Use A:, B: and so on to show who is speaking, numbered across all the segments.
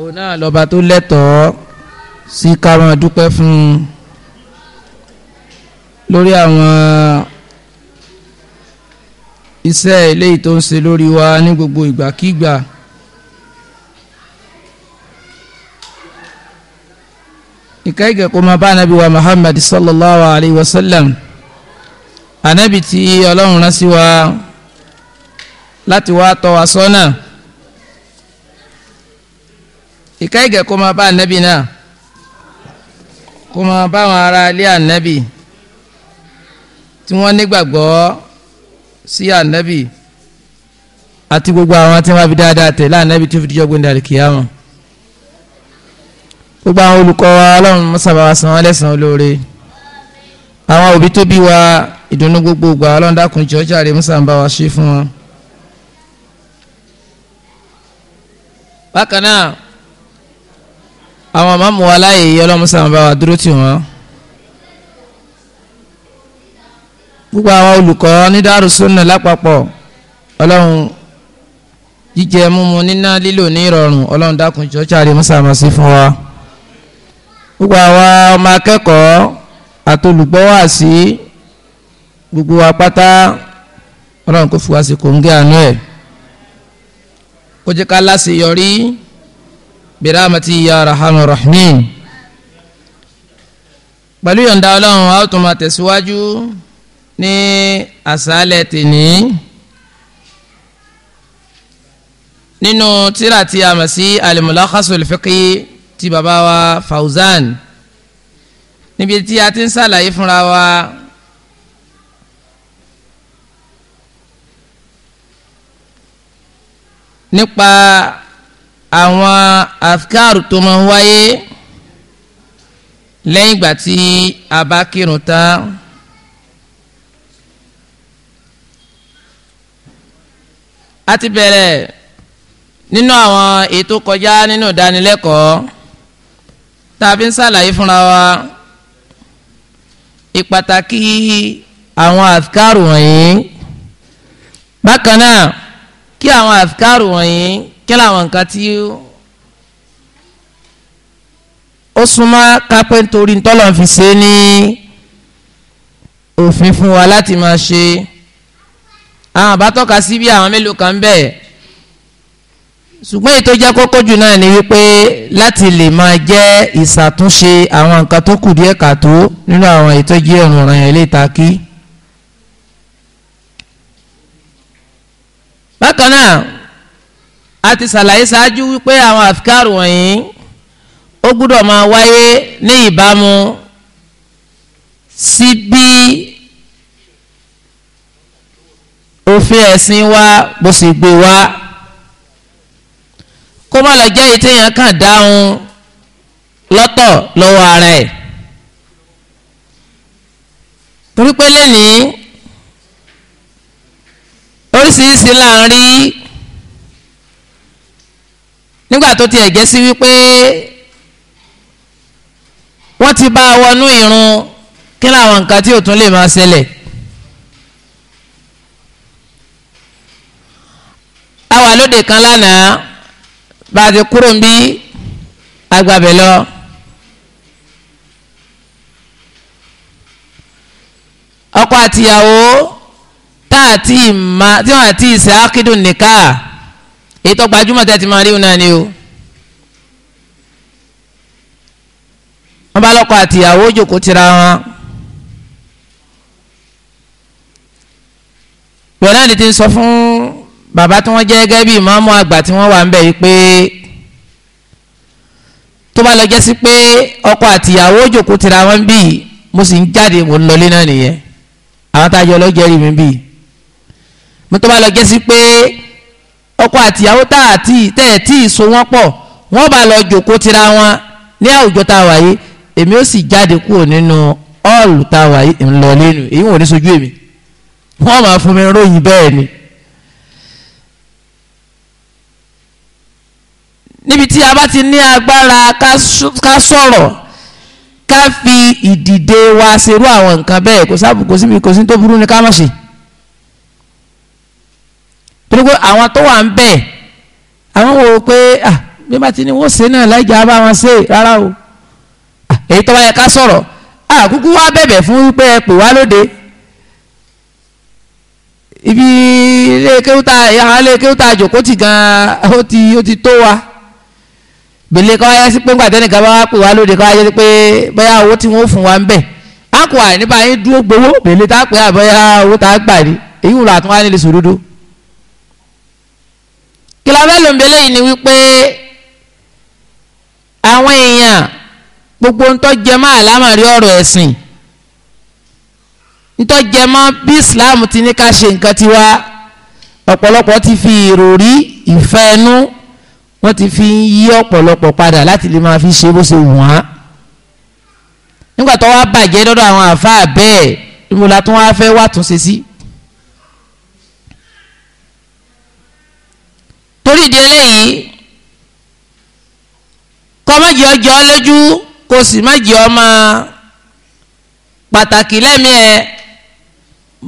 A: òun náà lọ́ba tó lẹ́tọ̀ọ́ sí ká máa dúpẹ́ fún un lórí àwọn iṣẹ́ eléyìí tó ń ṣe lórí wa ní gbogbo ìgbàkígbà. ìkẹ́gẹ́ kó máa bá anabi wa Muhammad sallallahu alayhi wa sallam anabi tí ọlọ́run rán sí wa láti wá tọ́ wa sọ́nà. So ìka ìgẹ̀ kó máa bá ànábì náà kó máa bá àwọn ará ilé ànábì tí wọ́n nígbàgbọ́ sí ànábì àti gbogbo àwọn tí wọ́n fi dáadáa tẹ̀lé ànábì tó fi dijọ́ gbẹ̀ndàlì kìyàmù gbogbo àwọn olùkọ́ wa ọlọ́run mọ́sàbà wa san wọ́n lẹ́sàn-án olóore àwọn òbí tó bí wa ìdùnnú gbogbo ògbà ọlọ́run dákun jọjà rẹ̀ mọ́sàbà wa ṣe fún wọn. bákan náà àwọn màmú wa láàyè yìí ọlọ́mùsà bá wa dúró tì wọ́n gbogbo àwọn olùkọ́ ní dárúsọ́nà lápapọ̀ ọlọ́run jíjẹ múmu níná lílò ní ìrọ̀rùn ọlọ́run dákun jọ jáde musa máa sí fún wa gbogbo àwa ọmọ akẹ́kọ̀ọ́ àtolùgbọ́ wà gbogbo wa ọlọ́run kò fi wá sí kòńgẹ́ àánú ẹ̀ kó ká láṣeyọrí. برامتي يا rahman rahim pẹ̀lú yọ̀ǹda ọlọ́run a ó tún máa tẹ̀síwájú ní àṣálẹ̀ tèní nínú tírà tí a mọ̀ sí al-mulakhasul ti bàbá wa Fawzan níbi tí a ti ń ṣàlàyé fúnra wa nípa àwọn afikaru tó máa ń wáyé lẹ́yìn ìgbà tí a bá kírun tán a ti bẹ̀rẹ̀ nínú àwọn ètò kọjá nínú ìdánilẹ́kọ̀ọ́ tá a fi ń ṣàlàyé fúnra wa ìpàtàkì àwọn afikaru wọ̀nyí bákan náà kí àwọn afikaru wọ̀nyí kí làwọn nǹkan tí ó súnmọ́ kápẹ́ nítorí ntọ́lọ̀ fi ṣe ní òfin fún wa láti máa ṣe àwọn àbátọ́ka sí bí àwọn mélòó kan bẹ́ẹ̀ ṣùgbọ́n èyí tó jẹ́ kókó jù náà ni wípé láti lè máa jẹ́ ìṣàtúnṣe àwọn nǹkan tó kù díẹ̀ kàtó nínú àwọn èyí tó ọ̀ràn ọ̀ràn yẹn bákan náà a ti ṣàlàyé ṣáájú wípé àwọn àfikàrù wọ̀nyí ó gbúdọ̀ máa wáyé ní ìbámu sí bí òfin ẹ̀sìn wa bó sì gbé wa kó má lọ jẹ́ ìtẹ̀yàn kan dáhùn lọ́tọ̀ lọ́wọ́ ara ẹ̀ torí pé lẹ́nìí oríṣiríṣi là nígbà tó tiẹ̀ jẹ́ sí wípé wọ́n ti bá wọnú ìrun kí làwọn nǹkan tí ò tún lè máa ṣẹlẹ̀. a wà lóde kan lánàá bá a ti kúrò ń bí agbábẹ́ lọ. ọkọ àtìyàwó tá àti ìmá tí wọn àti ìsẹ́ ákídùn nìkan èyí tó gbajúmọ̀ tẹ́ ti máa rí náà ni o wọ́n bá lọ́kọ àtìyàwó jòkó tira wọn ìwọ náà ni ti ń sọ fún bàbá tí wọ́n jẹ́ gẹ́gẹ́ bí ìmáàmù àgbà tí wọ́n wà ń bẹ̀ yìí pé tó bá lọ jẹ́ sí pé ọkọ àtìyàwó jòkó tira wọn bí mo sì ń jáde mo ń lọlé náà nìyẹn àwọn tá a jọ lọ jẹ́rìí mi bí mo tó bá lọ jẹ́ sí pé ọkọ àtìyàwó tá àti tẹ̀ tí ì so wọ́n pọ̀ wọ́n bá lọ jòkó tira wọn ní àwùjọ tá a wà yìí èmi ó sì jáde kúrò nínú ọ́ọ̀lù tá a wà yìí ńlọ lẹ́nu èyí wọ́n ní sojú èmi wọ́n máa fún mi ròyìn bẹ́ẹ̀ ni. níbi tí a bá ti ní agbára ká sọ̀rọ̀ ká fi ìdìde wa ṣerú àwọn nǹkan bẹ́ẹ̀ kò sábà kò síbi kò sí tó burú ni ká má ṣe. torí pé àwọn tó wà ń bẹ̀ àwọn wò ó pé ah bí wọ́n ti náà wọn ṣe rárá o ah, èyí tó bá yẹ ká sọ̀rọ̀ ah kúkú wá bẹ̀bẹ̀ fún wípé ẹ pè wá lóde ibi ilé kéwúta ilé kéwúta àjòkó ti gan ti ó ti tó wa gbèlè kọ́ ayé sí pé ńgbà bá wá pè wá lóde kọ́ ayé sí pé owó tí wọ́n fún wa ń bẹ̀ á kò àìní dúró gbowó gbèlè tá a pè àbọ̀yá owó tá a gbà ní èyí wò nílé sòdodo. abẹ́lòmbélé yìí ni wípé àwọn èèyàn gbogbo ntọ́jẹmọ́ àlámọ̀rí ọ̀rọ̀ ẹ̀sìn ntọ́jẹmọ́ bí Islam ti ní ká ṣe nǹkan tiwa ọ̀pọ̀lọpọ̀ ti fi ìròrí ìfẹ́ ẹnu wọ́n ti fi ń yí ọ̀pọ̀lọpọ̀ padà láti lè máa fi ṣe bó ṣe wù wọ́n nígbà tó wá bàjẹ́ dọ́dọ̀ àwọn àfáà bẹ́ẹ̀ ìmúlá tó wá fẹ́ wà túnṣe sí. Si torí ìdí eléyìí kọ́ má jẹ́ ọjọ́ lójú kó sì má jẹ́ ọmọ pàtàkì lẹ́mìí ẹ̀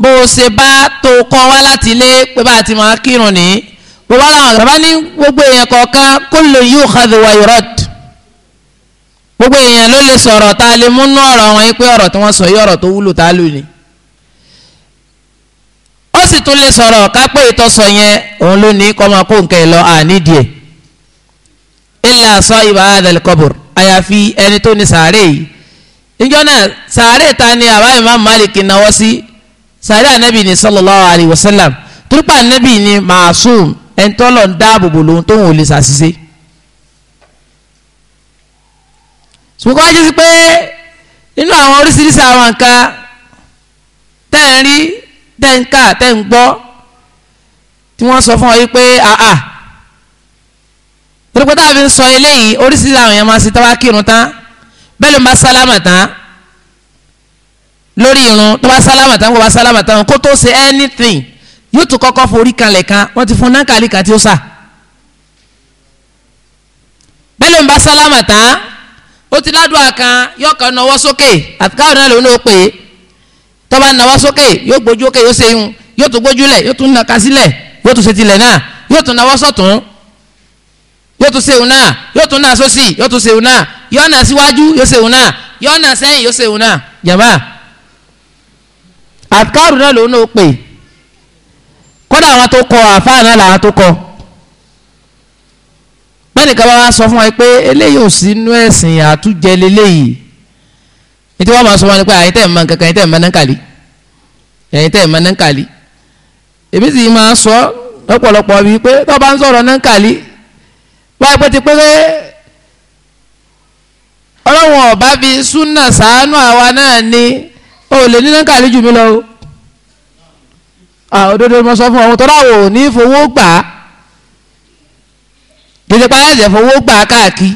A: bó o ṣe bá tó kọ́ wá láti ilé pé bá a ti máa kírun ní gbogbo àwọn àgbàbá ní gbogbo èèyàn kọ̀ọ̀kan kullu yukhadhu wa yurad gbogbo èèyàn ló lè sọ̀rọ̀ tá lè múnú ọ̀rọ̀ wọn yìí pé ọ̀rọ̀ tí wọ́n sọ yìí ọ̀rọ̀ tó wúlò tá lò ní sì tún lè sọ̀rọ̀ kápẹ́ ìtọ́sọ yẹn òun ló ní kọ́ máa kó nǹkan ẹ̀ lọ ànídìí ẹ̀ ilà sọ ìbá àdàlùkọ́bùr àyàfi ẹni tó ní sàárè yìí níjọ́ náà sàárè ta ni àbá Imam Malik náwó sí sàárè ànábì ní sallallahu alayhi wa sallam turupa ànábì ní màásùm ẹ̀ńtọ́lọ̀ ń dáàbòbò lòun tó ń wòlé sàṣìṣe. sùkọ́ ajé sí pé nínú àwọn oríṣiríṣi àwọn nǹkan tẹ́ ń rí tẹ́ ń kà tẹ́ ń gbọ́ tí wọ́n sọ fún ọ yí pé àà torípé táwọn fi ń sọ eléyìí oríṣiríṣi àwọn èèyàn máa ṣe tọ́wá kírun tán bẹ́ẹ̀ ló ń bá sálámà tán lórí irun tó bá sálámà tán kó bá sálámà tán kó tó ṣe anything yóò tún kọ́kọ́ forí kanlẹ̀ kan wọ́n ti fún nákàlí kan tí ó sà bẹ́ẹ̀ ló ń bá sálámà tán ó ti ládùá kan yọ̀ọ̀kan náwó sókè àtikáwọn náà lòún ló pè é tó bá nawọ́ sókè yóò gbójú òkè yóò seyún yóò tún gbójú lẹ̀ yóò tún naka sílẹ̀ yóò tún setilẹ̀ náà yóò tún nawọ́ sọ̀tún yóò tún seyún náà yóò tún náà sósì yóò tún seyún náà yóò na síwájú yóò seyún náà yóò náà sẹ́yìn yóò seyún náà jàmbá àtikárù náà lòun náà pè kódà àwọn tó kọ àfáà náà làwọn tó kọ pẹ́ẹ́nì kan bá wá sọ fún wa pé eléyìí ò sínú ẹ̀sìn àtújẹ lélẹ́yìí ní tí wọ́n máa sọ wọn ni pé àyìn tẹ̀ mọ kankan àyìn tẹ̀ mọ nankali àyìn tẹ̀ mọ nankali èmi sì máa sọ lọ́pọ̀lọpọ̀ bíi pé tó bá ń sọ̀rọ̀ nankali wáyé pé ti pé ọlọ́wọ̀n ọba fi súnà sàánú àwa náà ni o lè ní nankali jù mí lọ o òdodo mo sọ fún ọmọ tó dáwò ní fowó gbà á gbèsè pa láti ẹ̀ fowó gbà á káàkiri.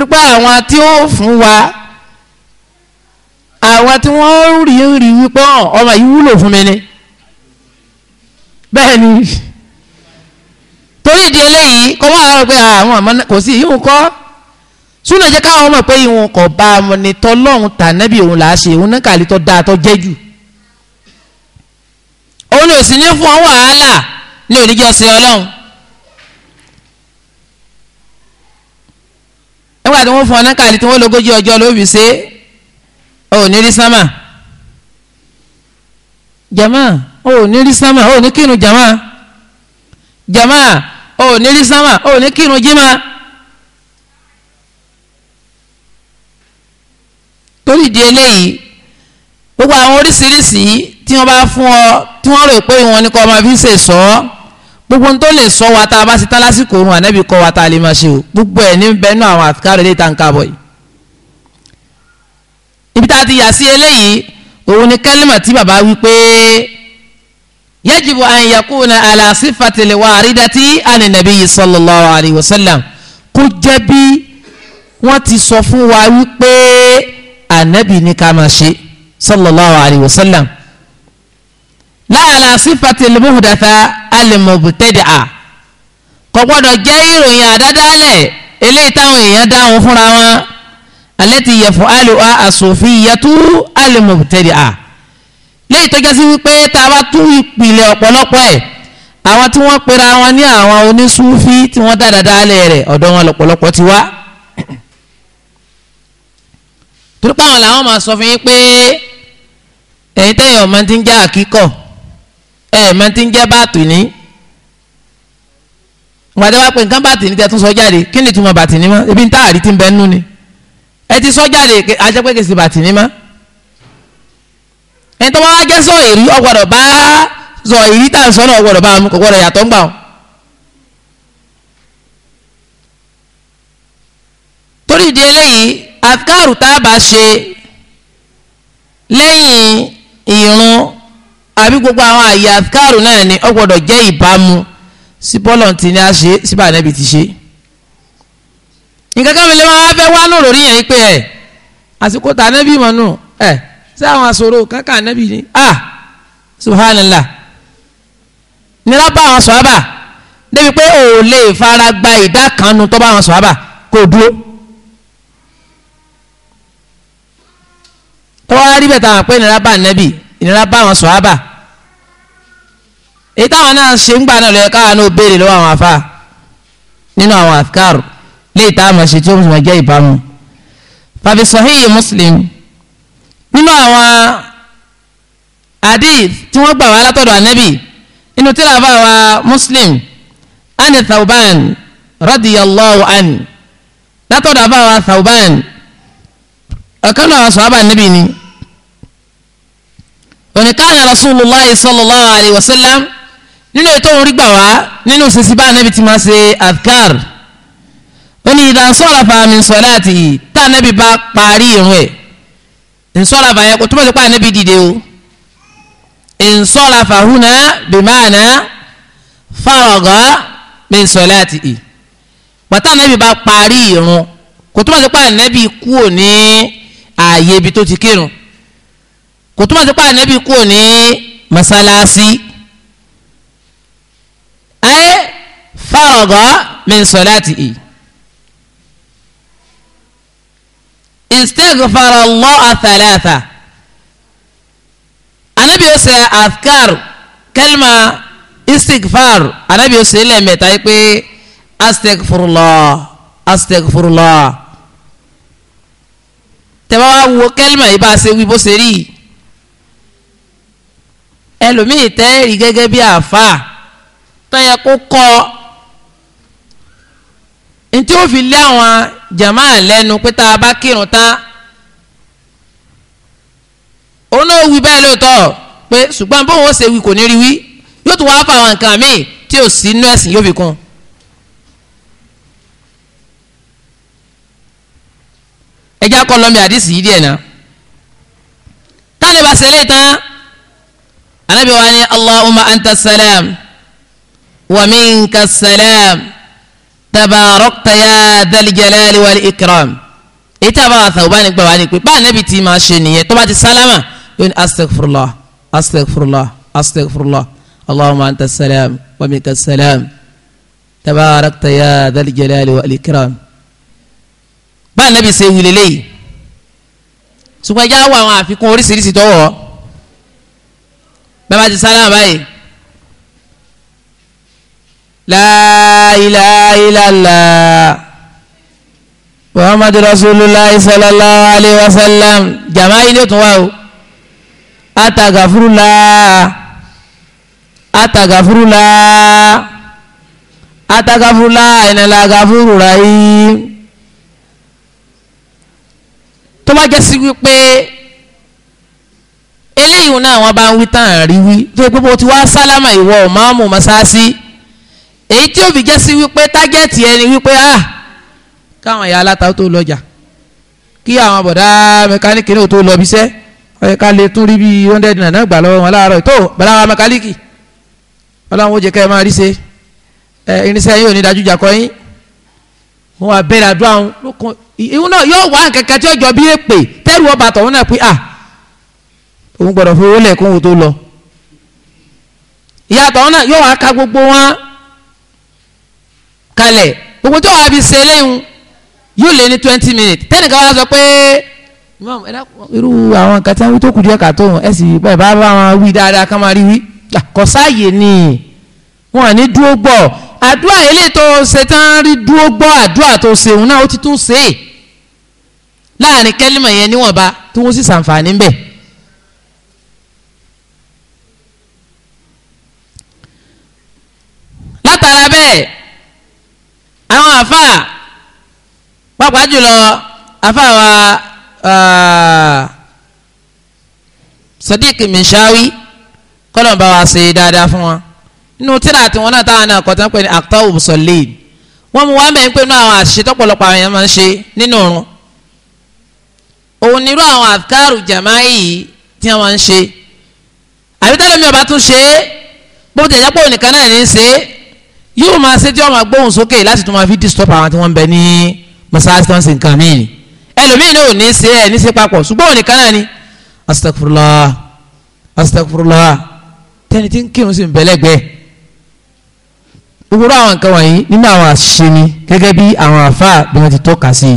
A: torí pé àwọn tí ó fún wa àwọn tí wọ́n rí rí wípé ọmọ yìí wúlò fún mi ni bẹ́ẹ̀ ni torí ìdí eléyìí kọ́ wà lára pé àwọn ọmọ kò sí ìhun kọ́ súnà jẹ́ káwọn ọmọ pé ìhun kọ̀ bá a mọ̀ ní tọ́lọ́hún tànẹ́bí òun là á ṣe òun náà kàlí tọ́ dáa tọ́ jẹ́ jù òun ò sì ní fún ọ wàhálà ní oníjọ́sìn ọlọ́run nígbà tí wọ́n fún ọ kàlí tí wọ́n lógójì ọjọ́ lóbi ṣe ọ ní rí sámà jama ọ ò ní rí sámà ọ ò ní kírun jama jama ọ ò ní rí sámà ọ ò ní kírun jimá. torí ìdí eléyìí gbogbo àwọn oríṣiríṣi tí wọ́n bá fún ọ tí wọ́n rò pé ìwọ̀n ni kò máa fi ṣe sọ ọ́ gbogbo tó lè sọ wa tá a bá ti tán lásìkò òun ànábì kọ́ wa tá a lè máa ṣe o gbogbo ẹ̀ ní bẹ́ẹ̀ àwọn àfikárò ilé ìtànkà bọ̀ yìí ibi tá a ti yà sí eléyìí òun ni kẹ́límà tí bàbá wí pé yajibu an na ala sifati liwaridati ani nabiyyi sallallahu alayhi wa sallam kó jẹ́ bí wọ́n ti sọ fún wa wípé ànábì ní ká máa ṣe sallallahu alayhi wa láàlà sífàtì lùmùhùdàtà alìmọ̀bùtẹ́dà kò gbọ́dọ̀ jẹ́ ìròyìn àdádálẹ̀ eléyìí táwọn èèyàn dáhùn fúnra wọn alẹ́ ti yẹ fún àlùwà àsòfin ìyàtú alìmọ̀bùtẹ́dà léyìí tó jásí wípé tá a bá tú ìpìlẹ̀ ọ̀pọ̀lọpọ̀ ẹ̀ àwọn tí wọ́n pera wọn ní àwọn onísúfí tí wọ́n dá àdádálẹ̀ rẹ̀ ọ̀dọ̀ wọn lọ̀pọ̀lọpọ̀ ti wá torípàwọn làwọn máa sọ fún yín pé ẹ̀yin tẹ́yìn ọmọ ti ń jẹ́ àkíkọ̀ ẹ mọ tí ń jẹ́ bátìní gbàdé wá pé nǹkan bátìní tẹ tún sọ jáde kí ni ìtumọ̀ bátìní mọ́ ebi ń tá àrí tí ń bẹ nínú ni ẹ ti sọ jáde ajẹ́ pé kèsì bátìní mọ́ ẹni tó wá jẹ́ sọ èrí ọgbọ́dọ̀ bá sọ èrí tá à ń sọ náà ọgbọ́dọ̀ bá mu yàtọ̀ ń gbà wọn. torí ìdí eléyìí àfikàrù tá a bá ṣe lẹ́yìn ìrun àbí gbogbo àwọn àyè àfikàrò náà ni ó gbọ́dọ̀ jẹ́ ìbámu sí bọ́lọ̀ tí ní a ṣe síbà ànábì ti ṣe. nǹkan kan fìlẹ̀ wọn á fẹ́ wá lòrò rí yẹn pé ẹ̀ eh, àsìkò tà ànábì mọ̀ nù ẹ̀ eh, sí àwọn àṣòro kankan ànábì ni ah subhanallah nira bá àwọn sọ́ábà débi pé ò lè fara gba ìdá kanu tó bá àwọn sọ́ábà kò dúró. tọ́wọ́ rí bẹ̀ táwọn pé nira bá ànábì ìnira bá àwọn sọ̀hábà èyí táwọn náà ṣe ń gbà náà lọ́yẹ káwọn náà béèrè lọ́wọ́ àwọn afá nínú àwọn àfikàrò léè tá a mọ̀ ṣe tí ó mọ̀ jẹ́ ìbámu fàbí sahihi nínú àwọn hadith tí wọ́n gbà wá látọ̀dọ̀ ànábì nínú tíra bá wa muslim ani thawban radiyallahu an látọ̀dọ̀ bá wa thawban ọ̀kan náà sọ̀hábà ànábì ni ní káàna rasulullah sallallahu alayhi wa sallam nínú ètò òun rí gbà wá nínú sisi bá anabi ti máa ṣe adkar ó ní ìdá nsọ́rafa min salatihi tá anabi bá parí irun ẹ̀ nsọ́rafa yẹn kò túmọ̀ sí pé anabi dìde o nsọ́rafa huna bimaana faraga min salatihi pàtà anabi bá parí irun kò túmọ̀ sí pé anabi kúò ní ààyè ibi tó ti kírun kò túmọ̀ sí pé ànábì kúrò ní mọ́sálásí ayé fárọ̀gọ́ min salatihi istaghfara Allah thalatha ànábì ó ṣe afkar kẹlma istighfar ànábì ó ṣe lẹ́ẹ̀mẹ́ta yìí pé astaghfirullah astaghfirullah tẹ́wọ́ wo kẹlma yìí bá ṣe wí bó ṣe rí yìí ẹlòmíì tẹ́ẹ̀rì gẹ́gẹ́ bí àáfà tọ́yẹ kó kọ́ ntí ó fi lé àwọn jàmáà lẹ́nu pé tá a bá kírun tán òun náà wí báyìí lóòótọ́ pé ṣùgbọ́n bóun ó ṣe wí kò ní rí wí yóò tún wáá fà àwọn nǹkan míì tí ò sí inú ẹ̀sìn yóò fi kún ẹja kọ́ lọ́mí àdìsí yìí díẹ̀ náà táwọn ìbáṣẹ́ lè tán anabi wa ni allahumma anta salam wa minka salam tabarakta ya dal jalali wal ikram ètò àbáwá Thawban gbà wá ní pé báà nẹ́bi tí máa ṣe nìyẹn tó bá ti sálámà yóò ní astaghfirullah astaghfirullah allahumma anta salam wa minka salam tabarakta ya dal jalali wal ikram báà nẹ́bi ṣe wulẹ̀ lẹ́yìn ṣùgbọ́n ẹja wà àwọn àfikún oríṣiríṣi tọ́wọ́ bàbá ti sálámà báyìí la ilaha illallah muhammadu rasulillah sallallahu alayhi wa sallam jama yìí ni ó tún wá o atagafurula atagafurula atagafurula ìnàlá gafurula yìí tó bá jẹ́ sí wípé eléyìí náà wọ́n bá ń wí tán àrí wí tó yẹ pé mo ti wá sálámà ìwọ ọ̀máàmù mọ́sáàsì èyí tí òbí jẹ́ sí wípé tágẹ́ẹ̀tì ẹni wípé ah káwọn ìyá aláta tó lọ́jà kí àwọn bọ̀dá mẹkáníìkì náà tó lọ bí iṣẹ́ lè tún rí bí hundred naira náà gbà lọ́wọ́ wọn láàárọ̀ tó bàdá wa mẹkáníìkì ọlọ́run ó jẹ́ ká ẹ máa rí ṣe ẹ irinṣẹ́ yóò ní dájú jàkọ́ yín wọn wà bẹ̀rẹ̀ lókun ìhun náà yóò wá nǹkan tí ó bí èpè tẹ́rù ọba àtọ̀hún náà pé ah òun gbọ́dọ̀ fowó lẹ̀ kóhun tó lọ ìyàtọ̀ náà yóò wá ka gbogbo wọn kalẹ̀ gbogbo tí wàá fi ṣe léyìn yóò lé ní twenty minutes tẹ́nìkan wá sọ pé irú àwọn nǹkan tí wọ́n tó kù díẹ̀ kà tó wọn ẹ̀ sì bá bá wọn wí dáadáa ká máa rí wí ah, kò sáàyè ni wọn à ní dúró gbọ́ àdúrà eléyìí tó ṣe tán rí dúró gbọ́ àdúrà tó ṣe òun náà ó ti tún ṣe láàrin kẹ́límà yẹn níwọ̀nba tí wọ́n sì ṣàǹfààní bẹ́ẹ̀. látara bẹ́ẹ̀ àwọn àfa pàápàá jùlọ àfa wa Sadiq Minshawi kọ́lọ̀ bá wa ṣe dáadáa fún wọn nínú tíra tí wọn náà táwọn náà kọtán pé ní actor obsolete wọn mú wàá mẹ́rin pé nínú àwọn àṣìṣe tọ́pọ̀lọpọ̀ àwọn èèyàn máa ń ṣe nínú òrun òun nírú àwọn àfikàrù jàmáì tí wọn máa ń ṣe àbí tẹ́lẹ̀ tún ṣe é bó ti jẹ́ pé òun nìkan náà ní í ṣe é yóò máa ṣe tí wọ́n máa gbóhùn sókè láti tún máa fi disturb àwọn tí wọ́n bẹ ní masalasi tán sí nǹkan míì ẹlòmíì náà ò ní ṣe ẹ ní ṣe papọ̀ ṣùgbọ́n òní kan náà ni astagfurullah astagfurullah tẹni tí ń kírun sí nbẹ̀lẹ́gbẹ́ gbogbo àwọn nǹkan wọ̀nyí nínú àwọn àṣìṣe ni gẹ́gẹ́ bí àwọn àfáà bí wọ́n ti tọ́ka sí i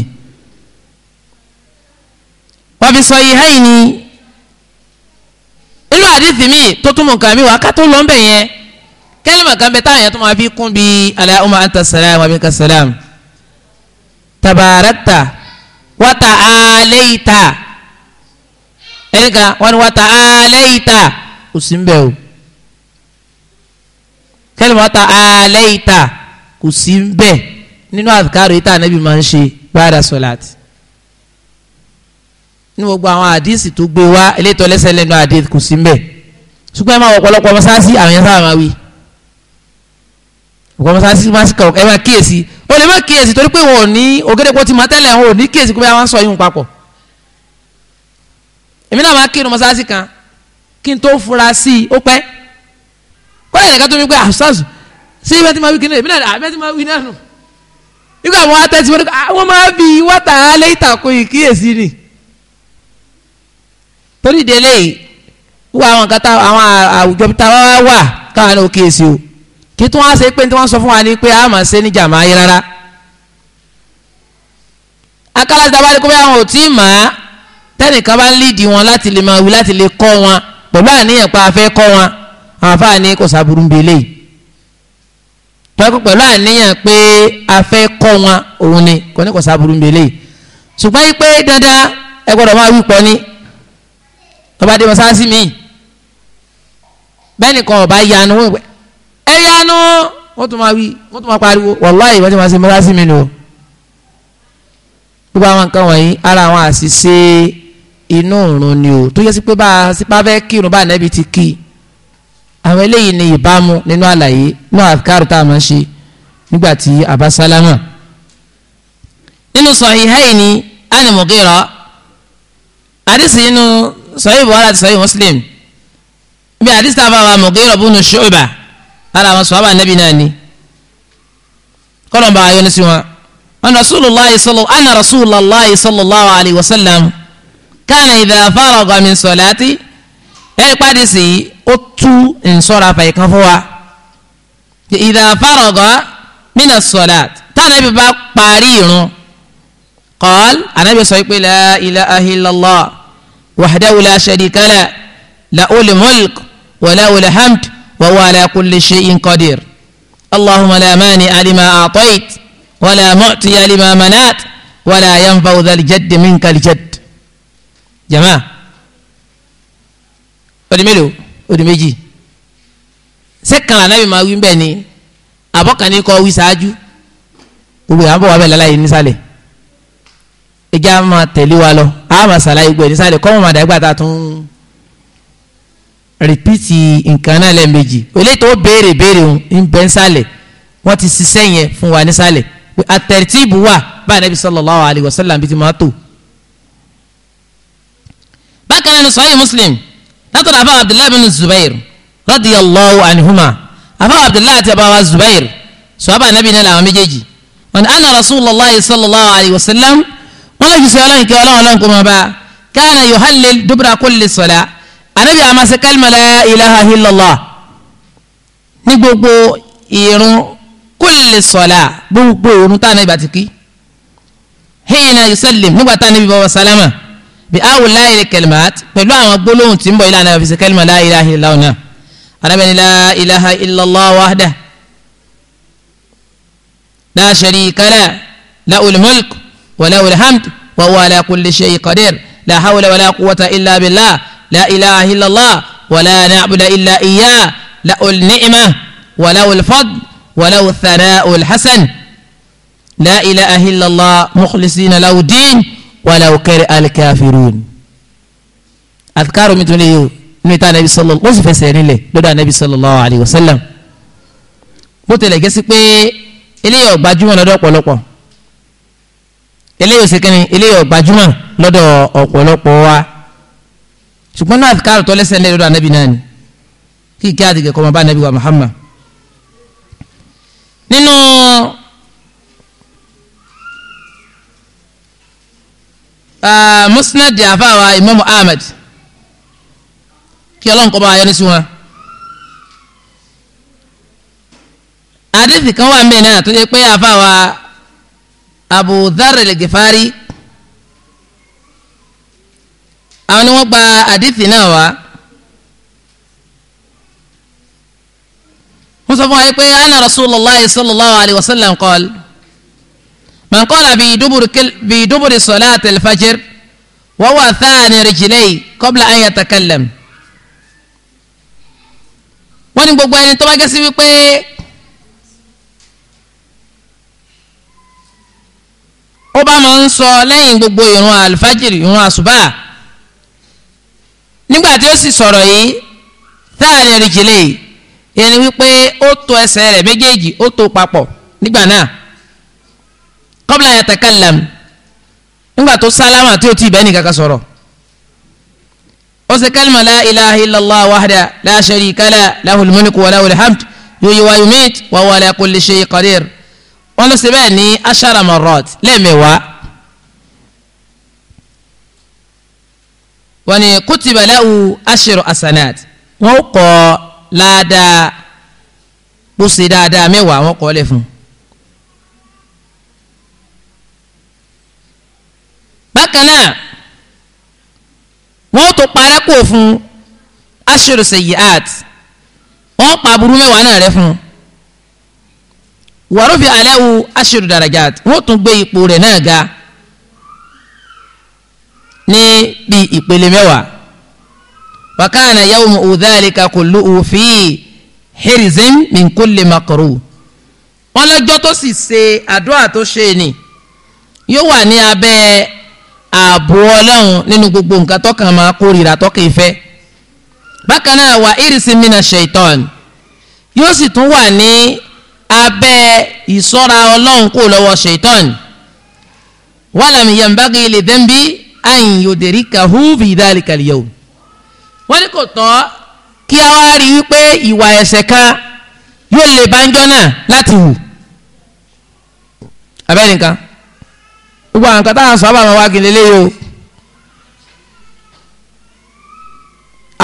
A: wọ́n fi sọ yìí hẹ́yìn ni inú àdìsí mi tó túmọ̀ nǹkan mi wà á ká tó lọ́nbẹ̀ yẹn kẹ́lìmọ̀ kan bẹ táwọn yẹn tó máa fi kún bí Allahumma anta salam wa minka salam tabarakta wa ta'alayta ẹnìkan wọn ni wa ta'alayta kò sí mbẹ o kẹ́lìmọ̀ wa ta'alayta kò sí mbẹ nínú àkàrò yìí tá ànábì máa ń ṣe báyàdà sọláàtì ní gbogbo àwọn àdìsí tó gbé wá eléyìí tó lẹ́nu àdìsí kò sí mbẹ ṣùgbọ́n ẹ máa wọ ọ̀pọ̀lọpọ̀ mọ́sáàsì àwọn yẹn sábà máa wí nǹkan mọ́sálásí mọ́síkà ẹ máa kíyèsí o lè má kíyèsí torí pé wọn ò ní ògédèpọ̀ ti máa tẹ́lẹ̀ wọn ò ní kíyèsí pé àwọn sọ yún papọ̀ èmi náà máa kírun mọ́sálásí kan kí n tó fura sí i ó pẹ́ kọ́ ẹ̀rẹ̀ ká tó mi pé àṣàṣù ah, sí ibẹ̀ tí máa wí kí náà èmi ah, tí máa wí náà nù nígbà wọn atẹ́tí ah, wọn máa fi wọ́tà alẹ́ ìtàkùn ìkíyèsí ni torí ìdílé yìí wọ́n àwọn àwùjọ tá a wá wà káwọn náà kí tí wọ́n á ṣe pé tí wọ́n sọ fún wa ni pé a máa ṣe ní jàmbá ayé rárá akálàtà bá rí pé àwọn ò tí ì mọ̀ á tẹ́nìkan bá ń lídìí wọn láti lè máa wí láti lè kọ́ wọn pẹ̀lú àníyàn pa afẹ́ kọ́ wọn àwọn afáà kò sábúrú ń belé yìí pẹ̀lú àníyàn pé afẹ́ kọ́ wọn òun ni kò ní kò sábúrú ń belé yìí ṣùgbọ́n yìí pé dandan ẹ gbọ́dọ̀ máa wí pọ̀ ní tọ́ba dé mọ́sáàsì mi bẹ́ẹ̀ nìkan ọ̀bá yanu ẹ yanu wọ́n tún máa wí wọ́n tún máa pariwo wàláyé wọ́n ti máa ṣe mọ́lásí mi nù o gbogbo àwọn nǹkan wọ̀nyí ara àwọn àṣìṣe inú òrùn ni o tó yẹ sí pé bá a sì bá fẹ́ kírun bá nẹ́bi ti kí àwọn eléyìí ni ìbámu nínú àlàyé náà àfikàrù tá a máa ṣe nígbà tí àbá sálámà nínú Sahihayni ani Mughira àdìsí inú Sahih Bukhari àti Sahih Muslim bí àdìsí tá a bá wa Mughira bunu Shu'ba lára àwọn sọ̀hábà nẹ́bí náà ni kọ́lọ̀mbà ayọ́ni sí wọn wọn rasulillahi sallallahu ana rasulillahi sallallahu alayhi wa sallam kana idha faraga min salati ẹ̀rí pàdé sí i ó tú nsọ́ra fàyè kan fún wa idha faraga min salati tánàbí bá parí irun qal anabi sọ pé la ilaha illallah wahdahu la sharika la la ul mulk wa وهو على كل شيء قدير اللهم لا مانع لما أعطيت ولا معطي لما منعت ولا ينفع ذا الجد منك الجد جماعة odi mélòó odi méjì sẹ́kànlá náà máa wí bẹ́ẹ̀ ni àbọ̀kànní kọ́ wí ṣáájú gbogbo àwọn bọ̀ wá bẹ́ẹ̀ láláyé nísàlẹ̀ ẹjẹ́ á máa tẹ̀lé wa lọ á máa ṣàlàyé gbọ́ ẹ̀ nísàlẹ̀ kọ́ mọ̀ màdàgbà tá a tún rìpíìtì nǹkan náà lẹ́ẹ̀mejì eléyìí tó béèrè béèrè ń bẹ́ nsàlẹ̀ wọ́n ti ṣiṣẹ́ yẹn fún wa nísàlẹ̀ àtẹ̀rìtìbù wà bá anabi sallallahu alayhi wa sallam bíi ti máa tò. bákan náà ní sọ́yìn muslim látọ̀dọ̀ àbá abdullahi bin zubair radiyallahu anhuma àbá abdullahi àti àbá zubair sọ́ọ́bà anabi náà làwọn méjèèjì wọn ni anna rasulallah sallallahu alayhi wa sallam wọn lè ànábì a máa ṣe kálímà la ilaha illallah ní gbogbo ìrun kulli salat gbogbo ìrun tá ànábì àti kí hina yusallim nígbà tá ànábì bàbá sálámà bí awo láyé kalimat pẹ̀lú àwọn gbólóhùn tí ń bọ̀ ilé ànábì fi ṣe kálímà la ilaha illallah náà ànábì ni la ilaha illallah wahda la sharika la lahul mulk wa lahul hamd wa huwa ala kulli shay'in qadir la hawla wa la quwwata illa billah. la ilaha illallah wala na'budu illa iya la'ul ni'ma wala'ul fadl wala'ul thana'ul hasan la ilaha illallah mukhlisina lahu din walau kari alikafirun. adhkaru mi tun le yio mi ta anabi sallallahu o sì fẹsẹ̀ nílẹ̀ lọ́dọ̀ anabi sallallahu alayhi wa sallam. bó tilẹ̀ gẹ́sí pé eléyìí ọ̀gbajúmọ̀ lọ́dọ̀ ọ̀pọ̀lọpọ̀ eléyìí òsèkínni eléyìí ọ̀gbajúmọ̀ lọ́dọ̀ ọ̀pọ̀lọpọ̀ wa ṣùgbọ́n náà àfikàrọ̀ tó lẹ́sẹ̀ lẹ́yìn lọ́dọ̀ anabi náà ni kí ìkẹ́ àdìgẹ́ kọ́ ọmọ bá anabi wa Muhammad nínú musnad àfàwà imam ahmed kí ọlọ́run kọ́ bá yọ ní sí wọn. àdìsí kan wà ń bẹ̀ náà tó yẹ pé àfàwà abu dharr al-gifari àwọn ni wọ́n gba àdìsí náà wá. wọ́n sọ fún wa pé anna rasulullah sallallahu alayhi wa sallam qala man qala bi duburi salat al-fajr wa huwa thani rijlay qabla an yatakallam. wọ́n ní gbogbo ẹni tó bá gẹ́sí wípé ó bá máa ń sọ lẹ́yìn gbogbo ìrun alfajiri ìrun àṣùbà nígbà tí ó sì sọ̀rọ̀ yìí táàrin ẹ̀rìjìlẹ̀ yẹn ni wípé ó to ẹsẹ̀ rẹ̀ méjèèjì ó to papọ̀ nígbà náà qabla yatakallam nígbà tó sálámà tí ó ti bẹ́ẹ̀ nìkan kan sọ̀rọ̀ ó ṣe kalima la ilaha illallah wahda la sharika la lahul mulku wa lahul hamd yuyi wa yumit wa huwa ala kulli shay'in qadir lọ sí bẹ́ẹ̀ ní ashara marrat lẹ́ẹ̀mẹ̀wàá. wọ́n ní kutiba lahu ashiru asanat wọ́n kọ́ ládàá kùsì dáadáa mẹ́wàá wọ́n kọ́ lẹ̀ fún un. bákan náà wọ́n tó parẹ́ kò fún ashiru sayyiat wọ́n pa aburú mẹ́wàá náà rẹ́ fún wọ́n rúbi alahu ashiru darajat wọ́n tún gbé ipò rẹ̀ náà ga ní bí ìpele mẹ́wàá wakana yawmu dhalika kulluhu fi hirzin min kulli makru wọn lọ́jọ́ tó sì ṣe àdúrà tó ṣe ni yóò wà ní abẹ́ ààbò Ọlọ́run nínú gbogbo nǹkan tọkàn máa kórìíra tọkàn ìfẹ́ bákan náà wà irisi mina shaitan yóò sì tún wà ní abẹ́ ìṣọ́ra Ọlọ́run kò lọ́wọ́ shaitan wàlámi yambagi lè dẹ́nbi ayin yòdèrí kahu vidali kàlíyàwó wọ́n ní kò tọ́ kí a wá rí wípé ìwà ẹ̀ṣẹ̀ kan yóò lè banjọ́ náà láti wù abẹ́rẹ́ nìkan gbogbo àwọn kan táwọn sábà máa wá gèlè léyìí o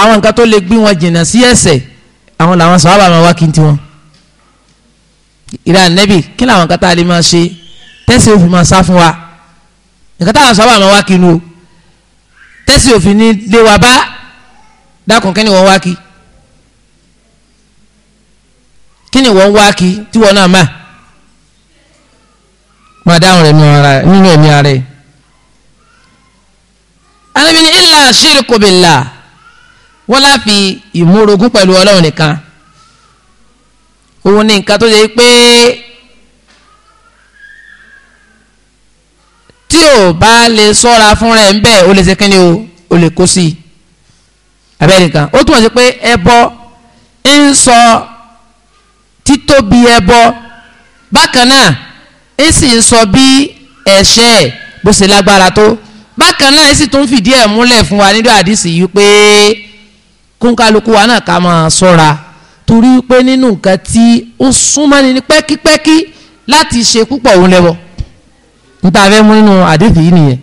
A: àwọn nǹkan tó lè gbé wọn jìnnà sí ẹ̀ṣẹ̀ àwọn làwọn sábà máa wá kí n tiwọn ìlànà nẹ́bì kí làwọn nǹkan lè máa ṣe tẹ́sí òfin máa sá fún wa nǹkan táwọn sábà máa wá kinu o tẹ́sí òfin ní lé wa bá dákun kí ni wọ́n wá kí kí ni wọ́n wá kí tí wọ́n náà máa máa dáhùn rẹ̀ nínú ẹ̀mí ara ẹ̀. Ànábì ní illa shirku billah wọ́n láfi ìmúrogún pẹ̀lú Ọlọ́run nìkan òun ní nǹkan tó yẹ pé. tí ò bá lè sọ́ra fún rẹ̀ ń bẹ̀ ó lè ṣe kí ni o ó lè kó sí i abẹ́nìkan ó túmọ̀ sí pé ẹbọ ń sọ títóbi ẹbọ bákan náà ń sì ń sọ bí ẹ̀ṣẹ̀ bó ṣe lágbára tó bákan náà ń sì tún fìdí ẹ̀ múlẹ̀ fún wa nínú àdìsí yìí pé kóńkálukú wa náà ká máa sọ́ra torí pé nínú nǹkan tí ó súnmọ́ ni ní pẹ́kípẹ́kí láti ṣe púpọ̀ òun lẹ́wọ̀ọ́ níta fẹ́ mú nínú àdéhùn yìí nìyẹn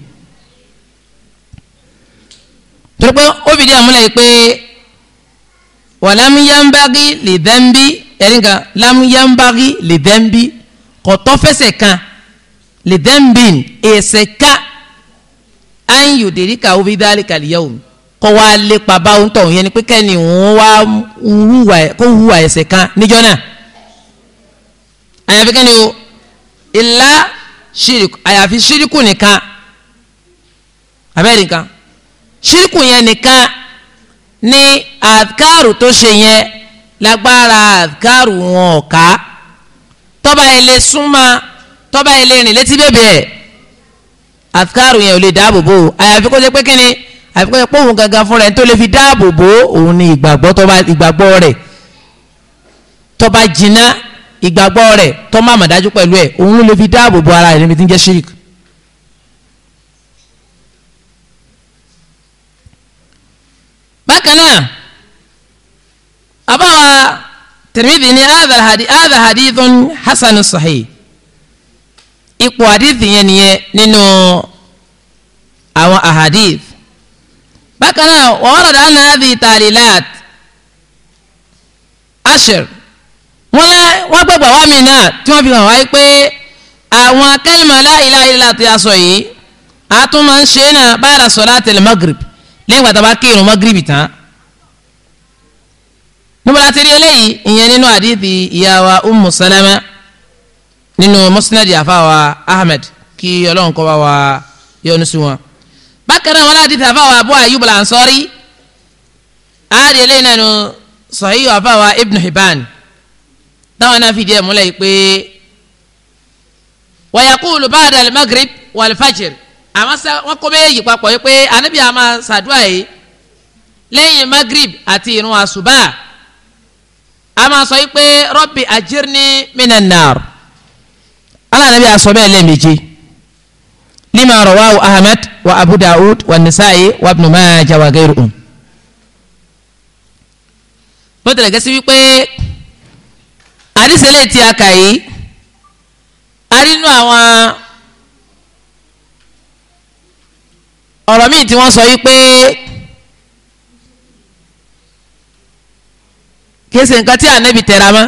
A: torí pé ó fìdí àmúlẹ̀ pé wàlámúyánbági lè dẹ́nbí ẹ̀ríkà lámúyánbági lè dẹ́nbí kò tọ́ fẹsẹ̀ kan lè dẹ́nbí ẹsẹ̀ ká áyù dèríkà òbí dálé kàlíyà òun kó wá lépa báwọn tọ̀ yẹn ni pé kẹ́ni òun wá hùwà kó hùwà ẹsẹ̀ kan níjọ́ náà àyàfi kẹ́ni o ìlà ṣíríkù àyàfi ṣíríkù nìkan abẹ́rẹ́ nìkan shiriku yẹn nìkan ní àdìkárù tó ṣe yẹn lágbára àdìkárù wọn ọ̀ka tọ́ba yẹn lè súnmọ́ tọ́ba yẹn lè rìn létí bèbè ẹ̀ àdìkárù yẹn ò lè dáàbò bò àyàfi kó ṣe pé kínni àyàfi kó ṣe pé òun gangan fúnra ẹ̀ tó lè fi dáàbò bò òun ni ìgbàgbọ́ tọ́ba ìgbàgbọ́ rẹ̀ tọ́ba jìnnà ìgbàgbọ́ rẹ̀ tó má mà dájú pẹ̀lú ẹ̀ òun ló lè fi dáàbò bo ara rẹ̀ níbi tí ń jẹ́ shirik. bákan náà àbáwa Tirmidhi ni hadha hadithun hasan sahih ipò hadithi yẹn nìyẹn nínú àwọn ahadith bákan náà wa warada anna hadhihi ta'lilat ashir wọ́n lẹ́ wọ́n gbẹ̀gbà wá mi náà tí wọ́n fi hàn wáyé pé àwọn kẹ́lìmọ̀ la ilaha tí a sọ yìí a tún máa ń ṣe náà ba'da salatil magrib lẹ́yìn ìgbà tá a bá kírun magrib tán. níbo la ti rí eléyìí ìyẹn nínú àdìsí ìyá wa Ummu Salama nínú musnad àfa wa Ahmed kí ọlọ́run kọ́ wa wa yọ́nú sí wọn. bákan náà wọn láti tẹ àfa wa Abu Ayyub al-Ansari àdìsí eléyìí náà nù Sahih àfa wa Ibn Hibban táwọn náà fìdí ẹ̀ múlẹ̀ yìí pé wàyàkúlù bá àdàlẹ magrib wàlífàjìr àwọn sẹ wọn kọ méjì papọ̀ yìí pé anabi àmà sàdúà yìí lẹ́yìn magrib àti irun àṣùbà àmà sọ yìí pé rọ́bì àjírní minan nar alànàbí àsọ lẹ́ẹ̀mejì lima rawahu ahmed wa abu daud wa nisa'i wa ibn majah wa gairu. bó tilẹ̀ gẹ́sí wípé àdìsẹ́lẹ̀ tí a kà yìí a rí nínú àwọn ọ̀rọ̀ míì tí wọ́n sọ yìí pé kése nǹkan tí ànábì tẹ̀ra mọ́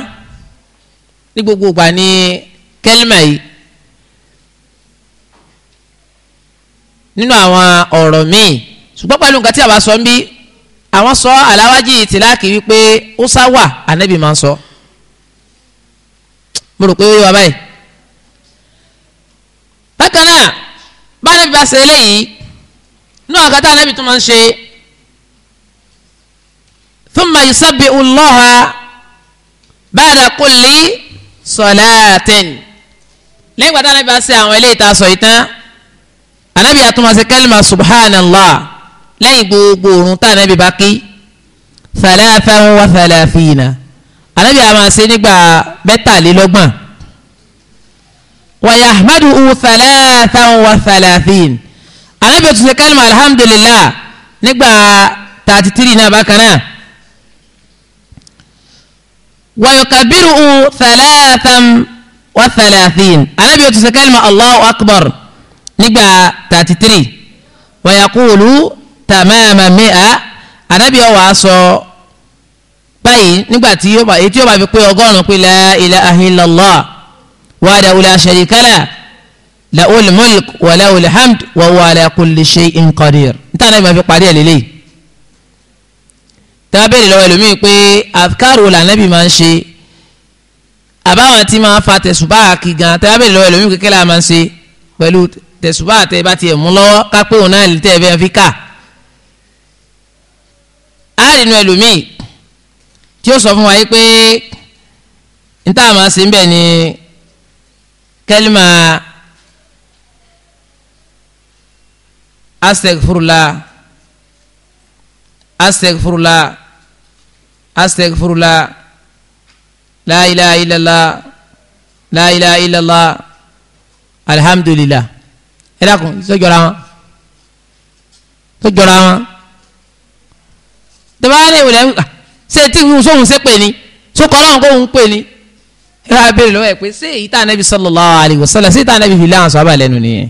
A: ní gbogbo ìgbà ní kẹ́límà yìí nínú àwọn ọ̀rọ̀ míì ṣùgbọ́n pẹ̀lú nǹkan tí a bá sọ ń bí àwọn sọ aláwájì tìláàkì wípé ó sá wà ànábì máa ń sọ. So mo rò pé ó yẹ wa báyìí. bákan náà bá a lè bá ṣe eléyìí náà kátà anábì tó máa ń ṣe thumma yusabbihu Allaha ba'da kulli salatin lẹ́yìn gbàtà anábì bá ṣe àwọn eléyìí tá a sọ yìí tán anábì àtúmọ̀ ṣe subhanallah lẹ́yìn gbogbo òrùn tá anábì bá kí thalathan wa thalathina anabi a máa ṣe nígbà mẹ́tàlélọ́gbọ̀n wàyà ahmadu uwusalathan wa salatin anabi tún ṣe kálímà alhamdulillah nígbà thirty three náà bákan náà wàyọkàbírù uwusalathan wa salatin anabi tún ṣe kálímà allahu akbar nígbà thirty three wàyà kúlù tàmáàmà mi'a anabi ọ̀ wàá So, báyìí nígbà tí yóò bá etí yóò bá fi pé ọgọ́rùn pé la ilaha illallah wahdahu la sharika lah lahul mulk wa lahul hamd wa huwa ala kulli shay'in qadir níta náà fi parí ẹ̀ lélẹ́yìí tábìlì lọ́wọ́ ẹlòmíì pé afkar wo lànàbì máa ń ṣe àbáwọn tí máa fa ẹlòmíì tí ó sọ fún wa yìí pé níta àmà sí ń bẹ̀ ni kẹ́límà astagfurula astagfurula astagfurula la ilaha illallah la ilaha illallah alhamdulillah ẹ dákun sọjọra wọn sọjọra wọn tọ́ba ní ìwòlẹ́ ṣé tí sóhun ṣe pè ní sókọ ọlọ́run kó òun pè ní ẹ á béèrè lọ́wọ́ ẹ̀ pé ṣé èyí tá ànábì sallallahu alaihi wasallam ṣé tá ànábì fi láwọn sọ abà lẹ́nu nìyẹn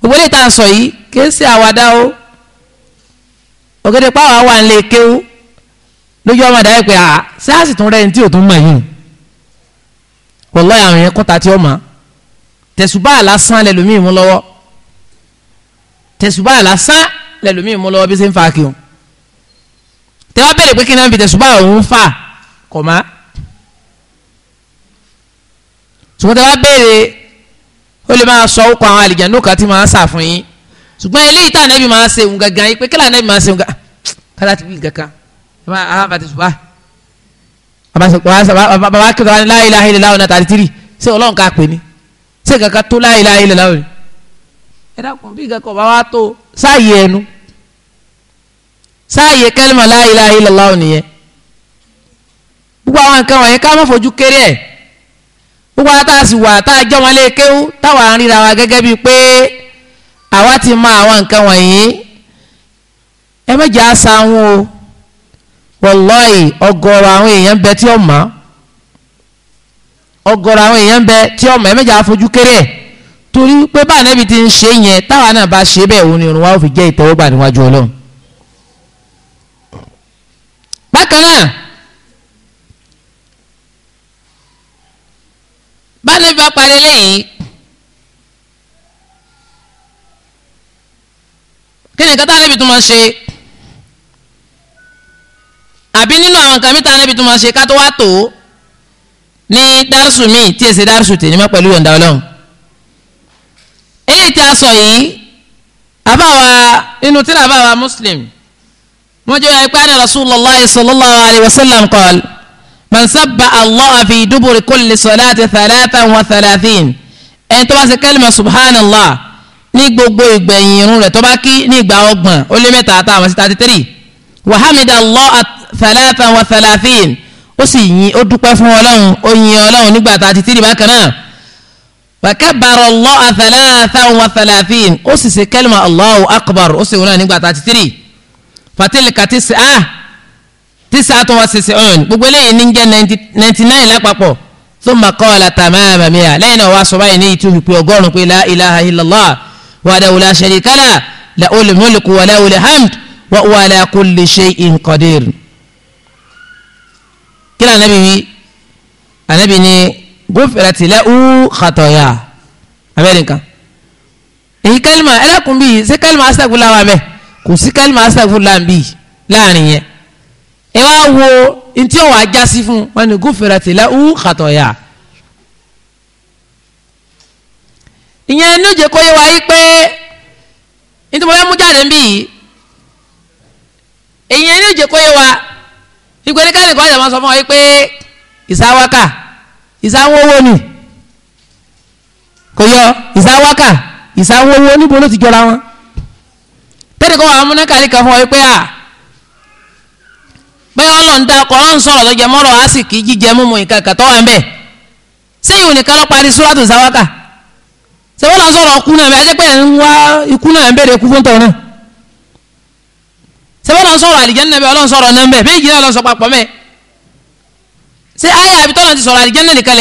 A: gbogbo lè ta sọ yìí kìí ṣe àwàdà o ògèdè pàwọ́ àwọn àlè kéwú lójú ọmọ ìdáyẹ pé àá sáàsì tún rẹ ní tí ò tún mọ̀ yìí wọlọ́ọ̀ àwọn yẹn kọ́ta tí ó mọ̀ tẹ̀sùbá lásán lẹ́lòmíì mú tẹ̀sùbá lásán lẹ́lòmíì mú bí ṣe ń fa kí tẹ́wọ́ bẹ̀rẹ̀ pé kí náà fi tẹ̀sùbá òun fà kọ̀ má ṣùgbọ́n tẹ́wọ́ bẹ̀rẹ̀ ó lè máa sọ ọkọ̀ àwọn àlìjànú kan tí máa ń sà fún yín ṣùgbọ́n eléyìí tá ànábì máa ń ṣe òun gangan yín pé kí lànàbì máa ń ṣe òun gangan kálá ti bí gangan àwọn bàtẹ ṣùgbọ́n bàbá kí wọ́n láyé láyé lè láwọn náà tàbí tírì ṣé ọlọ́run sáàyè iye la ilaha illallah gbogbo àwọn nǹkan wọ̀nyẹn ká má fojú kéré ẹ̀ gbogbo àwọn tá a sì wà tá a wọn lé kéwú táwa gẹ́gẹ́ bíi pé àwa ti mọ àwọn nǹkan wọ̀nyí ẹ méjì á sa o ọgọ́rọ̀ àwọn èèyàn bẹ tí ó mọ̀ ọgọ́rọ̀ àwọn èèyàn bẹ tí ó mọ̀ ẹ méjì á fojú kéré torí pé ti ń ṣe yẹn táwa náà bá ṣe bẹ́ẹ̀ bákan náà báni bá parí lẹ́yìn kí ni nǹkan tá níbi tó máa ṣe àbí nínú àwọn nǹkan mìta níbi tó máa ṣe ká tó wá tó ní dárúsù míì tí èsì dárúsù tèmi má pẹ̀lú ìyọ̀ǹda ọlọ́run eléyìí tí a sọ yìí àbáwa inú tíra àbáwa muslim wọ́n jẹ́ wípé àná rasulullah sallallahu alayhi wa sallam qal man sabba allah fi duburi kulli salati thalathan wa thalathin ẹni tó bá ṣe kẹ́lìmọ̀ subhanallah ní gbogbo ìgbẹ̀yìn irun rẹ̀ tó bá kí ní ìgbà ọgbọ̀n ó lé mẹ́ta àtàwọn sí thirty three wàhámídà allah thalathan wa thalathin ó sì yin ó dúpẹ́ fún ọlọ́run ó yin ọlọ́run nígbà tá a ti tìrì bákan allah thalathan wa thalathin ó sì ṣe kẹ́lìmọ̀ allahu akbar ó sì wọn nígbà tá a fatilka tis'a ah, tis'a tó wá sese ọ̀n eh, gbogbo eléyìí ní jẹ́ ninety nine lápapọ̀ thumma qala tamama mi'a lẹ́yìn náà wá sọ báyìí ní ìtumù pé ọgọ́rùn-ún pé la ilaha illallah wahdahu la sharika lah lahul mulku wa lahul hamd wa huwa ala kulli shay'in qadir. kí lóò anabi wí anabi ni gufirat lahu khataaya abẹ́rẹ́ nǹkan èyí kálímà ẹlẹ́kùn bíi ṣé kálímà asàgùn láwa bẹ́ẹ̀ kò sí kálímà astaghfirullah ń bì láàrin yẹn ẹ wá wo ntí ọ̀wọ́ ajá sí fún wọn ni gúfèrè tìlẹ̀ ú khatoya. ìyẹn ní òjè kó yẹ wáyé pé nítorí wọn mú jáde ń bì yìí ìyẹn ní òjè kó yẹ wá ìgbẹ́ ní kálí kọ́ ọ̀jà máa sọ fún wa yìí pé ìsáwákà ìsáwówó ni kò yọ ìsáwákà ìsáwówó níbo ló ti jọra wọn tẹ́lẹ̀ kọ́ àwọn múnákàlì kan fún ọ pé à pé ọlọ́run da kọ́rọ́n sọ̀rọ̀ tó jẹ mọ́rọ̀ á sì kí jíjẹ múmu nǹkan kan tó wà ń bẹ̀ ṣé ìwò nìkan ló parí súrátù sáwákà ṣé wọ́n lọ sọ̀rọ̀ ọkú náà bẹ́ẹ̀ pé ń wá ikú náà ń béèrè ikú fún tọ̀hún náà ṣé wọ́n lọ sọ̀rọ̀ àlìjẹ́nà bẹ́ẹ̀ ọlọ́run sọ̀rọ̀ náà ń bẹ̀ méjì náà lọ sọ papọ̀ mẹ́ ṣé ayé àbítọ́nà ti sọ̀rọ̀ àlìjẹ́nà nìkan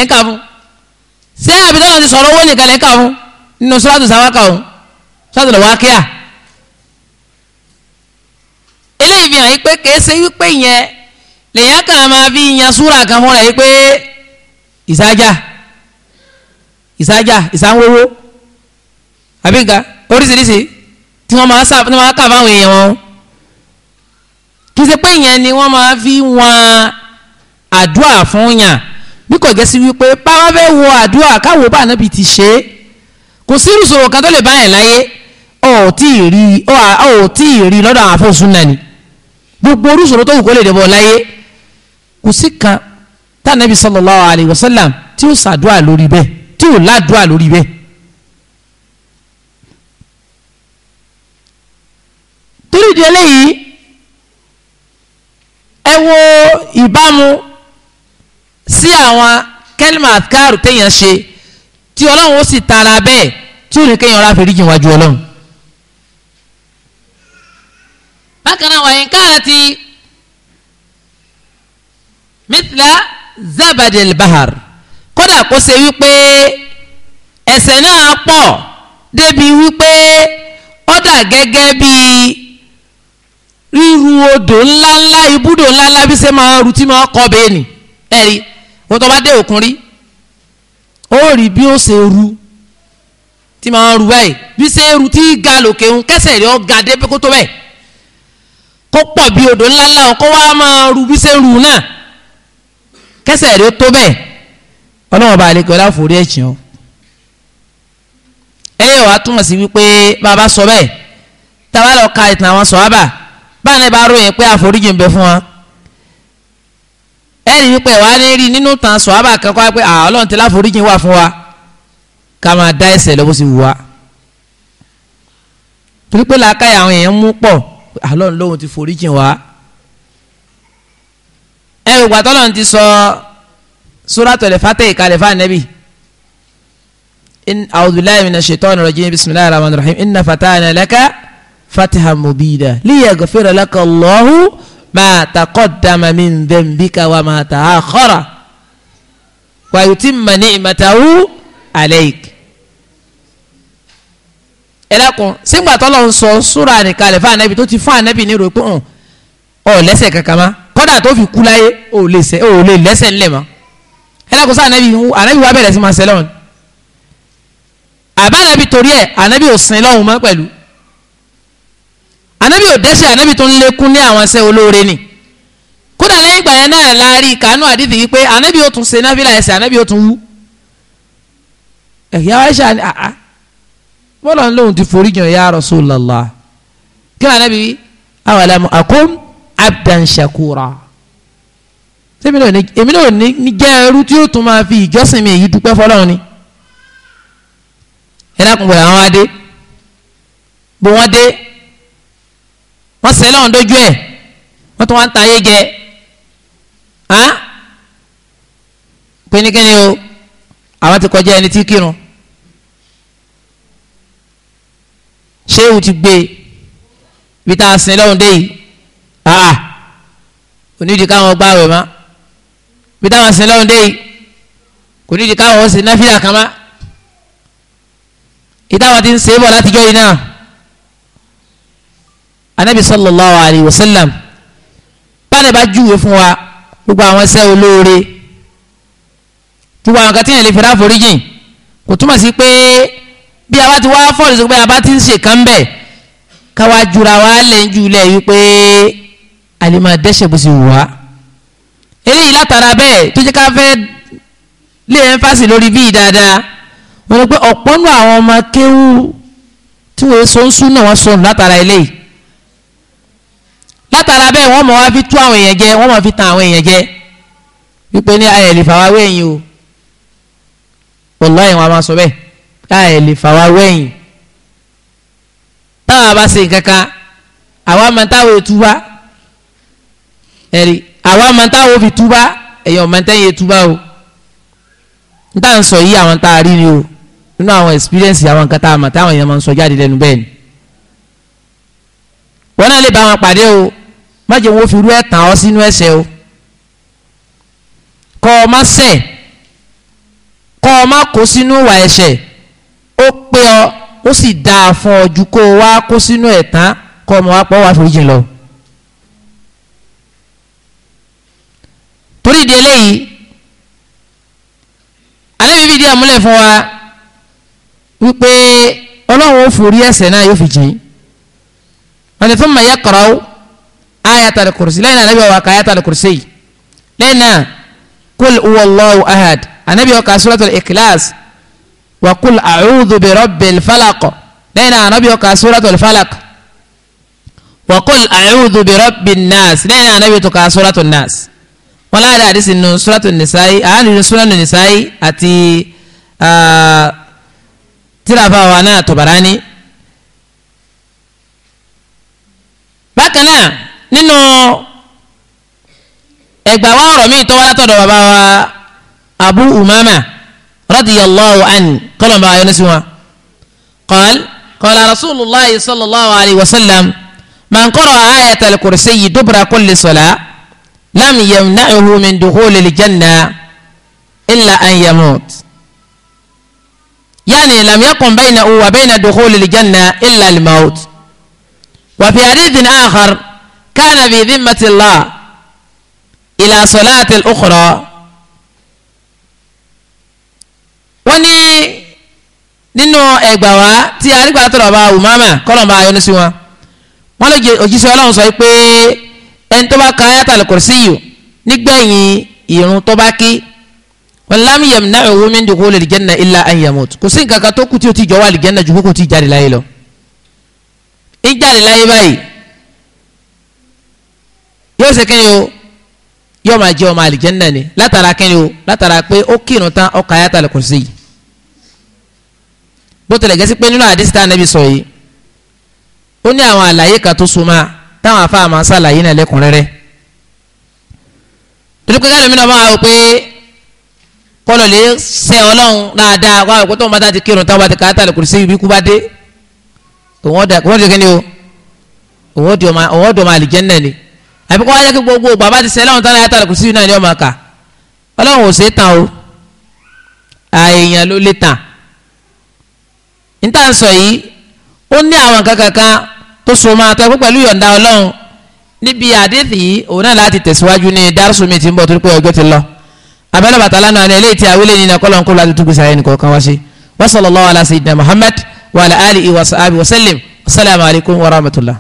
A: lẹ́ka eléyìí fi hàn yí pé kèé ṣe wípé yẹn lèyàn kan máa fi yan súra kan fúnra yìí pé ìsájà ìsájà ìsánwówó àbí oríṣiríṣi tí wọ́n máa kà fáwọn èèyàn wọn kì í ṣe pé yẹn ni wọ́n máa fi wọn àdúrà fún yàn bí kò jẹ́ sí wípé báwa fẹ́ wo àdúrà káwo bá ànábì ti ṣe é kò sí ìṣòro kan tó lè bá yẹn láyé ọ̀ ò tí ì rí lọ́dọ̀ àwọn afọ́sùn náà ni gbogbo orúsòro tó wù kó lè dẹ̀bọ̀ láyé kò sí kan tànàbí sallallahu alayhi wa sallam tí ó sàdúà lórí bẹ́ẹ̀ tí ó ládùà lórí bẹ́ẹ̀. torí ìdí eléyìí ẹ wo ìbámu sí àwọn kẹlímà àtikáàrù téèyàn ṣe tí ọlọ́run ó sì tara bẹ́ẹ̀ tí ò ní kéèyàn ra fèrè wájú ọlọ́run. bákan náà wọ̀nyí káàrà ti mithla zabadil bahar kódà kó ṣe wípé ẹ̀ṣẹ̀ náà pọ̀ débi wípé ó dà gẹ́gẹ́ bí ríru odò ńláńlá ibùdó ńláńlá bí ṣe máa ń tí máa kọ́ bẹ́ẹ̀ ni ẹ̀rí wọ́n tó bá dé òkun rí ó rí bí ó ṣe ru tí máa ń ru báyìí bí ṣe ru tí ga lòkè ń kẹsẹ̀ rí ó ga dé pé kó bẹ́ẹ̀ kó pọ̀ bí odò ńláńlá wọn kó wá máa ru bí sẹ́ ń ru náà kẹsẹ̀ rẹ tó bẹ́ẹ̀ ọlọ́wọ́n bá àlekọ́ láforí ẹ̀jìn o ẹlẹ́yìn wa túmọ̀ sí wípé bàbá sọ bẹ́ẹ̀ táwa lọ ka ìtàn àwọn sọ̀hábà báwọn ẹ bá ròyìn pé àforíjì bẹ fún wọn ẹ̀rí wípé wàá ní rí nínú tàn sọ̀hábà kankan pé Ọlọ́run ti láforíjì wà fún wa ká máa dá ẹsẹ̀ lọ́wọ́ sí wù wá torí pé làákàyà àwọn èèyàn mú pọ̀ Ọlọ́run lóhun ti forí jìn wá. ẹ wò gbàtọ́ lọ́run ti sọ suratul Fatiha kalẹ̀ fún anabi. in a'udhu billahi minash shaitani rajim bismillahir rahmanir rahim inna fatahna laka fatahan mubina liyaghfira laka Allahu ma taqaddama min dhanbika wa ma ta'akhkhara wa yutimma ni'matahu alayk ẹlẹ́kùn sígbà tọ́lọ̀ ń sọ súra nìkan lẹ̀ fún ànábì tó ti fún ànábì ní ròpé hàn ọ lẹ́sẹ̀ kankan ma kọ́dà tó fi kú láyé ò lè sẹ́ ò lè lẹ́sẹ̀ ńlẹ̀ ma ẹlẹ́kùn sọ ànábì ànábì wa bẹ̀rẹ̀ sí máa sẹ́ lọ́hùn àbá ànábì torí ẹ̀ ànábì ò sin lọ́hùn mọ́ pẹ̀lú ànábì ò dẹ́sẹ̀ ànábì tó ń lékún ní àwọn sẹ́ olóore ni kódà lẹ́yìn ìgbà yẹn náà láàárín ìkànnù àdìsí yìí pé ànábì ó tún ṣe náfìlà ẹsẹ̀ ànábì ó tún wú ẹ̀yà wáyé ṣáà bọ́lá ń lóun ti foríjìn ya Rasulullah kí ni ànábì awàlámù akum abdan shakura sẹ́mi náà èmi náà ní jẹ́ ẹrú tí ó tún máa fi ìjọsìn mi èyí dúpẹ́ fọlọ́run ni ẹ dákun bọ̀dọ̀ àwọn adé bó wọ́n dé wọ́n sẹ́ lọ́run dójú ẹ̀ wọ́n tún wá ń ta ayé jẹ pé o àwọn ti kọjá ẹni tí kírun ṣéwù ti gbé bí tá a sin lọ́hùn dé yìí àà kò nídìí káwọn gbá àwẹ̀ má bí táwọn sin lọ́hùn dé yìí kò nídìí káwọn sin náfìlà kan má ìtàwọn ti ń ṣe é bọ̀ látijọ́ yìí náà anabi sallallahu alayhi wa sallam báyìí bá júwe fún wa gbogbo àwọn ṣẹ́ olóore gbogbo àwọn kan tí yẹn lè fi ráforíjìn kò túmọ̀ sí pé bí a bá ti wá fọ́ọ̀lù sí pé a bá ti ń ṣèkán bẹ̀ káwá jura wá lẹ́yìn lẹ́ wípé a lè máa dẹ́ṣẹ̀ bó ṣe wù wá eléyìí látara bẹ́ẹ̀ tó jẹ́ ká fẹ́ lé ẹ́ńfàsì lórí bíi dáadáa wọ́n ní pé ọ̀pọ̀ nù àwọn ọmọ kéwú tí wọ́n so ń sún náà wọ́n sọnù látara eléyìí látara bẹ́ẹ̀ wọ́n mọ̀ wá fi tú àwọn èèyàn jẹ wọ́n mọ̀ fi tan àwọn èèyàn jẹ wípé ní ayẹ̀lẹ̀ fàwáwé yìí o wọ́n lọ́yìn a máa sọ bẹ́ẹ̀ tá ẹ̀ lè fà wá wẹ́yìn táwa bá ṣe kankan àwa máa táwọn ètúbá ẹ̀rí àwa máa táwọn òbí túbá ẹ̀yàn máa tẹ́yìn ètúbá o n tá à sọ yí àwọn tá a rí ni o nínú àwọn experience àwọn nǹkan tá a mọ̀ táwọn èèyàn máa ń sọ jáde lẹ́nu bẹ́ẹ̀ ni wọn náà lè bá wọn pàdé o má jẹ́ wọ́n fi rú ẹ̀ tàn ọ́ sínú ẹ̀ṣẹ̀ o kọ́ ọ má ṣẹ̀ kọ́ ọ má kó sínú ìwà ẹ̀ṣẹ̀ ó pé ọ ó sì dáa fún ọ ju kó o wá kó sínú ẹ̀ tán kọ́ ọmọ wa pọ̀ wá foríjìn lọ. torí ìdí eléyìí àlébi fìdí àmúlẹ̀ fún wa wípé ọlọ́run ó forí ẹ̀ṣẹ̀ náà yóò fi jìn wọ́n ti fún mayẹ́ kọ́ra ó ayatul kursi lẹ́yìn náà àlébi ọ̀wà ká ayatul kursi yìí lẹ́yìn náà kul huwallahu ahad àlébi ọ̀ka suratul ikhlas wakul أعوذ برب الفلق لنا lẹ́yìn náà anabi ọkà suratul falaq wakul a'udhu bi rabbin nas lẹ́yìn náà anabi ọkà suratul nas wọn النساء àdísì nù suratul nisa'i àánú suratul nisa'i àti tírafà wa náà nínú ẹgbàá wa ọ̀rọ̀ mi tó wá bàbá wa Abu Umama. رضي الله عنه قال ما ينسوا قال قال رسول الله صلى الله عليه وسلم من قرأ آية الكرسي دبر كل صلاة لم يمنعه من دخول الجنة إلا أن يموت يعني لم يقم بينه وبين دخول الجنة إلا الموت وفي حديث آخر كان في ذمة الله إلى صلاة الأخرى wọ́n ní nínú ẹgbà wá tí arígbà tọrọ bá umama kọlọ̀ bá yọnu sí wọn wọ́n lè òjíṣẹ́ ọlọ́run sọ pé ẹni tó bá ka ayatul kursiyu nígbẹ̀yìn ìrun tó bá kí walam yamna'uhu min dukhulil janna illa an yamut kò sí nǹkan kan tó kù tí o ti jọ wà lìjẹ́nà ju kókò tí jáde láyé lọ. ìjáde láyé báyìí yóò ṣe kí ni o yóò máa jẹ́ ọmọ àlìjẹ́nà ni látara kẹ́ni o látara pé ó kírun tán ọkà ayáta lè kò sí yìí bó tilẹ̀ gẹ́sí pé nínú àdìsí táwọn ẹbí sọ yìí ó ní àwọn àlàyé kan tó súnmọ́ táwọn afáà máa ń sàlàyé náà lẹ́kùnrẹ́rẹ́ torí pé káàdùn mi náà máa wò pé kọlọ̀ lè sẹ́ ọlọ́run dáadáa wá òkú tó ń bá tá ti kírun tán wá ti káyáta lè kò sí ibi kú bá dé òun ọ̀dọ̀ ọmọ àlìjẹ́nà ni àbí kọ́ wáyé kí gbogbo ògbà bá ti sẹ́ lọ́wọ́n tán láyàtọ̀ kùsí yìí náà ni ọmọ àkà ọlọ́run ò ṣe tán o àìyàn ló lè tàn níta ń sọ yìí ó ní àwọn nǹkan kankan tó so máa tọ́ pẹ̀lú yọ̀ǹda ọlọ́run níbi àdéhì yìí òun náà láti tẹ̀síwájú ní dárúsù mi ti ń bọ̀ torí pé ọjọ́ ti lọ abẹ́rẹ́ bàtà lánàá ni eléyìí tí awílẹ̀ nínú ẹ̀kọ́ lọ́nkó láti tún gbèsè ayé nìkan kan wá sí